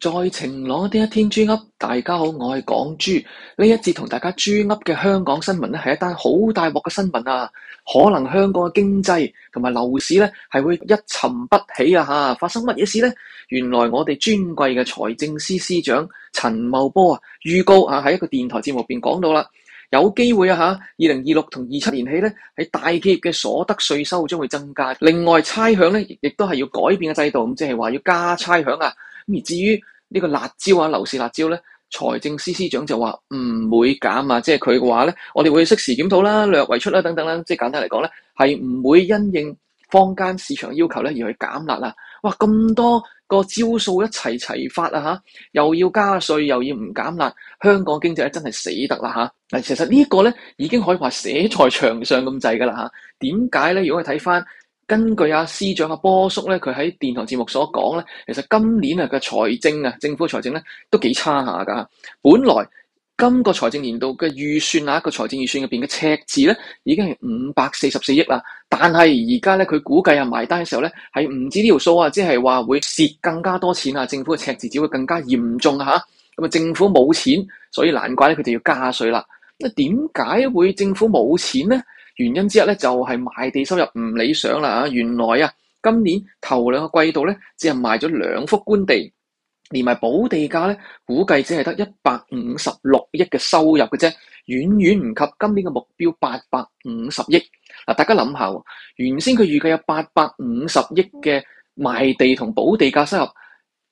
在晴朗嘅一天豬噏，大家好，我係港豬。呢一節同大家豬噏嘅香港新聞咧，係一單好大鑊嘅新聞啊！可能香港嘅經濟同埋樓市呢係會一沉不起啊！嚇，發生乜嘢事呢？原來我哋尊貴嘅財政司司長陳茂波啊，預告啊喺一個電台節目入邊講到啦，有機會啊嚇，二零二六同二七年起呢，喺大企業嘅所得稅收將會增加。另外，差餉呢亦都係要改變嘅制度，咁即係話要加差餉啊！而至於呢個辣椒啊，樓市辣椒咧，財政司司長就話唔會減啊，即係佢嘅話咧，我哋會適時檢討啦，略為出啦，等等啦，即係簡單嚟講咧，係唔會因應坊間市場要求咧而去減辣啦！哇，咁多個招數一齊齊發啊嚇，又要加稅，又要唔減辣，香港經濟咧真係死得啦嚇！嗱、啊，其實呢個咧已經可以話寫在牆上咁滯噶啦嚇，點解咧？如果你睇翻。根據阿司長阿波叔咧，佢喺電台節目所講咧，其實今年啊嘅財政啊，政府嘅財政咧都幾差下噶。本來今個財政年度嘅預算啊，一個財政預算入邊嘅赤字咧，已經係五百四十四億啦。但係而家咧，佢估計啊，埋單嘅時候咧，係唔止呢條數啊，即係話會蝕更加多錢啊。政府嘅赤字只會更加嚴重吓。咁啊，政府冇錢，所以難怪咧，佢就要加稅啦。咁啊，點解會政府冇錢咧？原因之一咧就係賣地收入唔理想啦啊！原來啊，今年頭兩個季度咧，只係賣咗兩幅官地，連埋補地價咧，估計只係得一百五十六億嘅收入嘅啫，遠遠唔及今年嘅目標八百五十億。嗱，大家諗下喎，原先佢預計有八百五十億嘅賣地同補地價收入，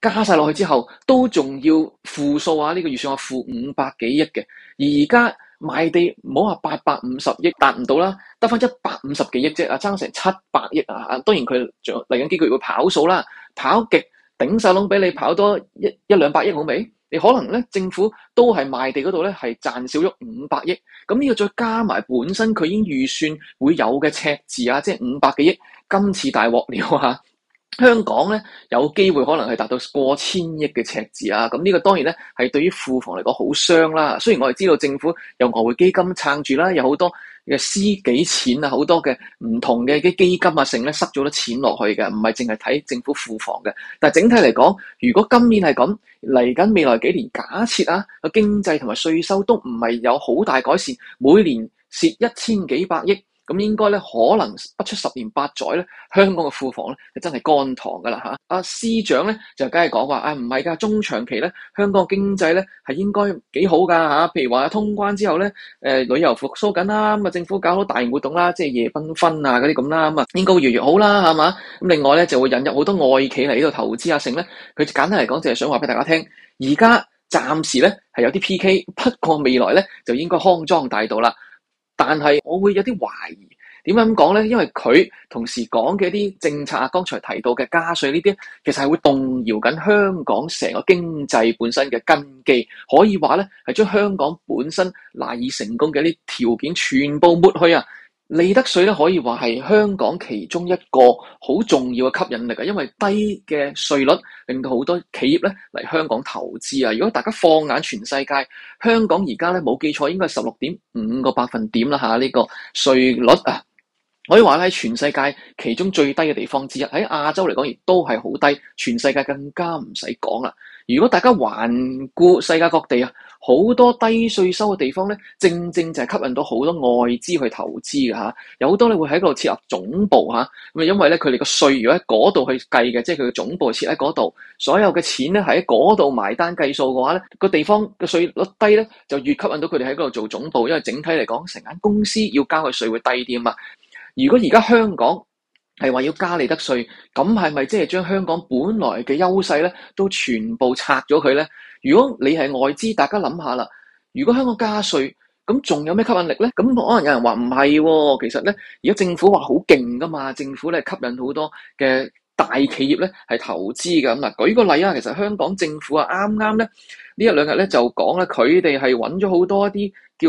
加晒落去之後，都仲要負數啊！呢個預算係負五百幾億嘅，而家。賣地唔好話八百五十億達唔到啦，得翻一百五十幾億啫，啊爭成七百億啊！當然佢嚟緊幾個月會跑數啦，跑極頂晒窿俾你跑多一一兩百億好未？你可能咧政府都係賣地嗰度咧係賺少咗五百億，咁呢個再加埋本身佢已經預算會有嘅赤字啊，即係五百幾億，今次大鑊了吓！啊.香港咧有機會可能係達到過千億嘅赤字啊！咁、嗯、呢、這個當然咧係對於庫房嚟講好傷啦。雖然我哋知道政府有外匯基金撐住啦，有好多嘅私己錢啊，好多嘅唔同嘅啲基金啊剩咧塞咗啲錢落去嘅，唔係淨係睇政府庫房嘅。但係整體嚟講，如果今年係咁嚟緊未來幾年，假設啊個經濟同埋稅收都唔係有好大改善，每年蝕一千幾百億。咁應該咧，可能不出十年八載咧，香港嘅庫房咧，係真係乾塘噶啦嚇。阿、啊、司長咧就梗係講話，啊唔係㗎，中長期咧，香港經濟咧係應該幾好㗎嚇、啊。譬如話通關之後咧，誒、呃、旅遊復甦緊啦，咁啊政府搞好大型活動啦，即係夜繽紛啊嗰啲咁啦，咁啊應該越越好啦，係嘛？咁另外咧就會引入好多外企嚟呢度投資啊，剩咧佢簡單嚟講就係想話俾大家聽，而家暫時咧係有啲 PK，不過未來咧就應該康莊大道啦。但係我會有啲懷疑，點解咁講咧？因為佢同時講嘅一啲政策啊，剛才提到嘅加稅呢啲，其實係會動搖緊香港成個經濟本身嘅根基，可以話咧係將香港本身賴以成功嘅一啲條件全部抹去啊！利得稅咧，可以話係香港其中一個好重要嘅吸引力啊！因為低嘅稅率令到好多企業咧嚟香港投資啊！如果大家放眼全世界，香港而家咧冇記錯應該係十六點五個百分點啦吓，呢個稅率啊，可以話係全世界其中最低嘅地方之一。喺亞洲嚟講，亦都係好低，全世界更加唔使講啦。如果大家環顧世界各地啊，好多低稅收嘅地方咧，正正就係吸引到好多外資去投資嘅嚇。有好多咧會喺嗰度設立總部嚇，咁啊因為咧佢哋個稅如果喺嗰度去計嘅，即係佢嘅總部設喺嗰度，所有嘅錢咧係喺嗰度埋單計數嘅話咧，個地方嘅稅率低咧，就越吸引到佢哋喺嗰度做總部，因為整體嚟講成間公司要交嘅稅會低啲啊嘛。如果而家香港，係話要加利得稅，咁係咪即係將香港本來嘅優勢咧，都全部拆咗佢咧？如果你係外資，大家諗下啦。如果香港加稅，咁仲有咩吸引力咧？咁可能有人話唔係喎，其實咧，而家政府話好勁噶嘛，政府咧吸引好多嘅大企業咧係投資㗎。咁嗱，舉個例啊，其實香港政府啊啱啱咧呢一兩日咧就講咧，佢哋係揾咗好多一啲叫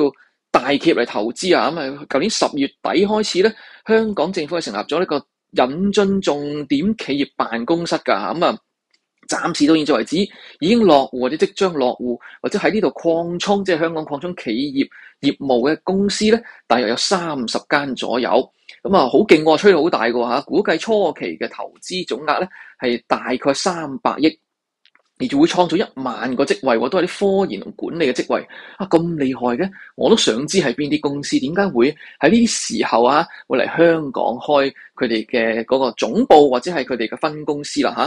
大企業嚟投資啊。咁啊，舊年十月底開始咧，香港政府係成立咗呢個。引進重點企業辦公室噶咁啊，暫、嗯、時到現在為止已經落戶或者即將落戶或者喺呢度擴充，即係香港擴充企業業務嘅公司咧，大約有三十間左右。咁、嗯、啊，好勁喎，吹得好大噶吓，估計初期嘅投資總額咧係大概三百億。而仲會創造一萬個職位，都係啲科研同管理嘅職位啊！咁厲害嘅，我都想知係邊啲公司，點解會喺呢啲時候啊，會嚟香港開佢哋嘅嗰個總部或者係佢哋嘅分公司啦吓，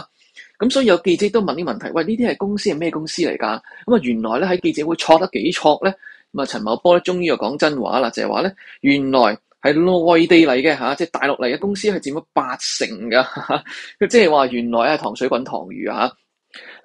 咁、啊、所以有記者都問啲問題，喂，呢啲係公司係咩公司嚟㗎？咁啊，原來咧喺記者會錯得幾錯咧？咁啊，陳茂波咧，終於又講真話啦，就係話咧，原來係內地嚟嘅吓，即係大陸嚟嘅公司係佔咗八成㗎，即係話原來係塘水滾塘魚吓。啊。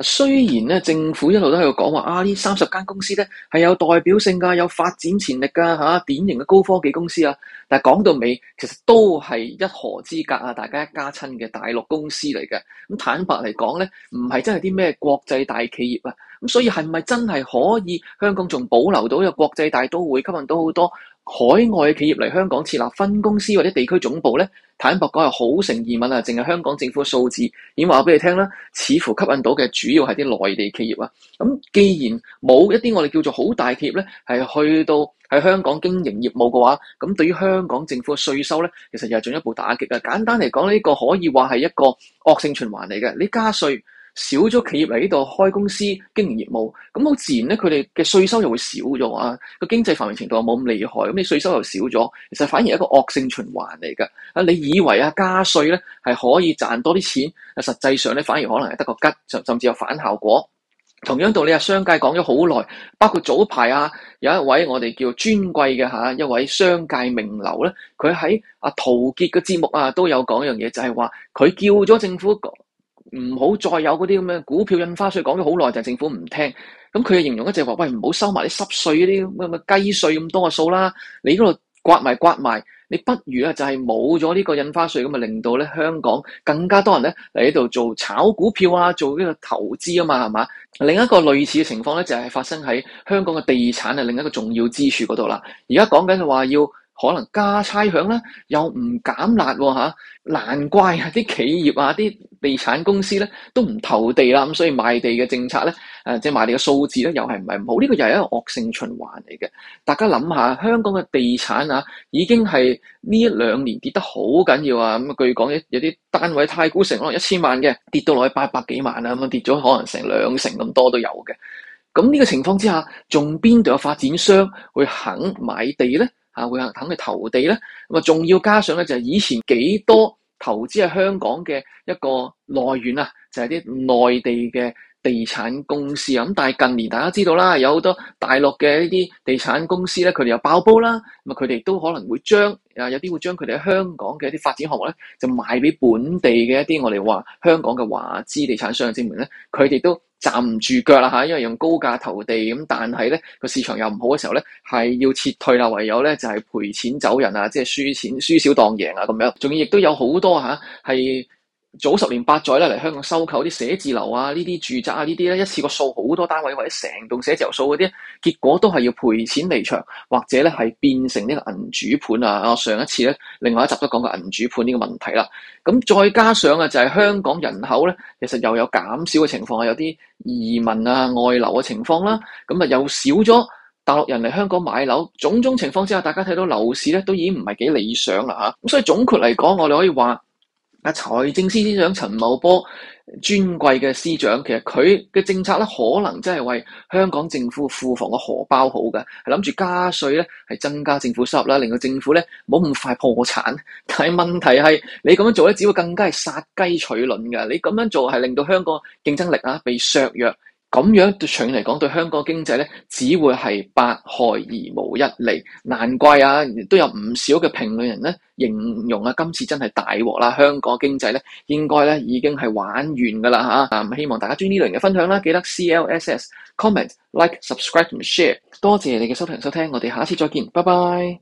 雖然咧，政府一路都喺度講話啊，呢三十間公司咧係有代表性噶，有發展潛力噶，吓、啊、典型嘅高科技公司啊。但係講到尾，其實都係一河之隔啊，大家一家親嘅大陸公司嚟嘅。咁、嗯、坦白嚟講咧，唔係真係啲咩國際大企業啊。咁、嗯、所以係咪真係可以香港仲保留到有國際大都會，吸引到好多海外嘅企業嚟香港設立分公司或者地區總部咧，坦白講係好成疑問啊！淨係香港政府嘅數字，已經話俾你聽啦，似乎吸引到嘅主要係啲內地企業啊。咁既然冇一啲我哋叫做好大企業咧，係去到係香港經營業務嘅話，咁對於香港政府嘅稅收咧，其實又係進一步打擊啊！簡單嚟講，呢個可以話係一個惡性循環嚟嘅，你加稅。少咗企業嚟呢度開公司經營業務，咁好自然咧，佢哋嘅稅收又會少咗啊！個經濟繁榮程度又冇咁厲害，咁你稅收又少咗，其實反而係一個惡性循環嚟噶。啊，你以為啊加稅咧係可以賺多啲錢，啊，實際上咧反而可能係得個吉，甚甚至有反效果。同樣道理啊，商界講咗好耐，包括早排啊有一位我哋叫尊貴嘅吓，啊，一位商界名流咧，佢喺啊陶傑嘅節目啊都有講一樣嘢，就係話佢叫咗政府。唔好再有嗰啲咁嘅股票印花稅，講咗好耐，就政府唔聽。咁佢嘅形容咧就話，喂，唔好收埋啲濕稅啲，咩咩雞稅咁多嘅數啦。你嗰度刮埋刮埋，你不如咧就係冇咗呢個印花稅，咁啊令到咧香港更加多人咧嚟呢度做炒股票啊，做呢個投資啊嘛，係嘛？另一個類似嘅情況咧就係發生喺香港嘅地產嘅另一個重要支柱嗰度啦。而家講緊嘅話要。可能加差餉啦，又唔減辣喎、啊、嚇，難怪啊啲企業啊、啲地產公司咧都唔投地啦，咁所以賣地嘅政策咧，誒、啊、即係賣地嘅數字咧又係唔係唔好？呢、這個又係一個惡性循環嚟嘅。大家諗下，香港嘅地產啊，已經係呢一兩年跌得好緊要啊！咁據講有有啲單位太古城咯，可能一千萬嘅跌到落去八百幾萬啊，咁樣跌咗可能成兩成咁多都有嘅。咁、嗯、呢、這個情況之下，仲邊度有發展商會肯買地咧？啊，會肯去投地咧，咁啊，仲要加上咧，就係以前幾多投資喺香港嘅一個來源啊，就係啲內地嘅。地產公司啊，咁但係近年大家知道啦，有好多大陸嘅一啲地產公司咧，佢哋又爆煲啦，咁啊佢哋都可能會將啊有啲會將佢哋喺香港嘅一啲發展項目咧，就賣俾本地嘅一啲我哋話香港嘅華資地產商證明咧，佢哋都站唔住腳啦嚇，因為用高價投地咁，但係咧個市場又唔好嘅時候咧，係要撤退啦，唯有咧就係賠錢走人啊，即係輸錢輸少當贏啊咁樣，仲要亦都有好多嚇係。早十年八載咧嚟香港收購啲寫字樓啊，呢啲住宅啊，呢啲咧一次過數好多單位或者成棟寫字樓數嗰啲，結果都係要賠錢離場，或者咧係變成呢個銀主盤啊！我，上一次咧，另外一集都講過銀主盤呢個問題啦。咁再加上啊，就係、是、香港人口咧，其實又有減少嘅情況啊，有啲移民啊外流嘅情況啦。咁啊又少咗大陸人嚟香港買樓，種種情況之下，大家睇到樓市咧都已經唔係幾理想啦嚇。咁、啊、所以總括嚟講，我哋可以話。啊！財政司司長陳茂波尊貴嘅司長，其實佢嘅政策咧，可能真係為香港政府庫房嘅荷包好嘅，係諗住加稅咧，係增加政府收入啦，令到政府咧冇咁快破產。但係問題係，你咁樣做咧，只會更加係殺雞取卵嘅。你咁樣做係令到香港競爭力啊被削弱。咁樣對長遠嚟講，對香港經濟呢，只會係百害而無一利。難怪啊，都有唔少嘅評論人呢形容啊今次真係大鑊啦！香港經濟呢，應該呢已經係玩完㗎啦嚇。希望大家鍾意呢類型嘅分享啦，記得 CLSS comment like subscribe share。多謝你嘅收聽收聽，我哋下次再見，拜拜。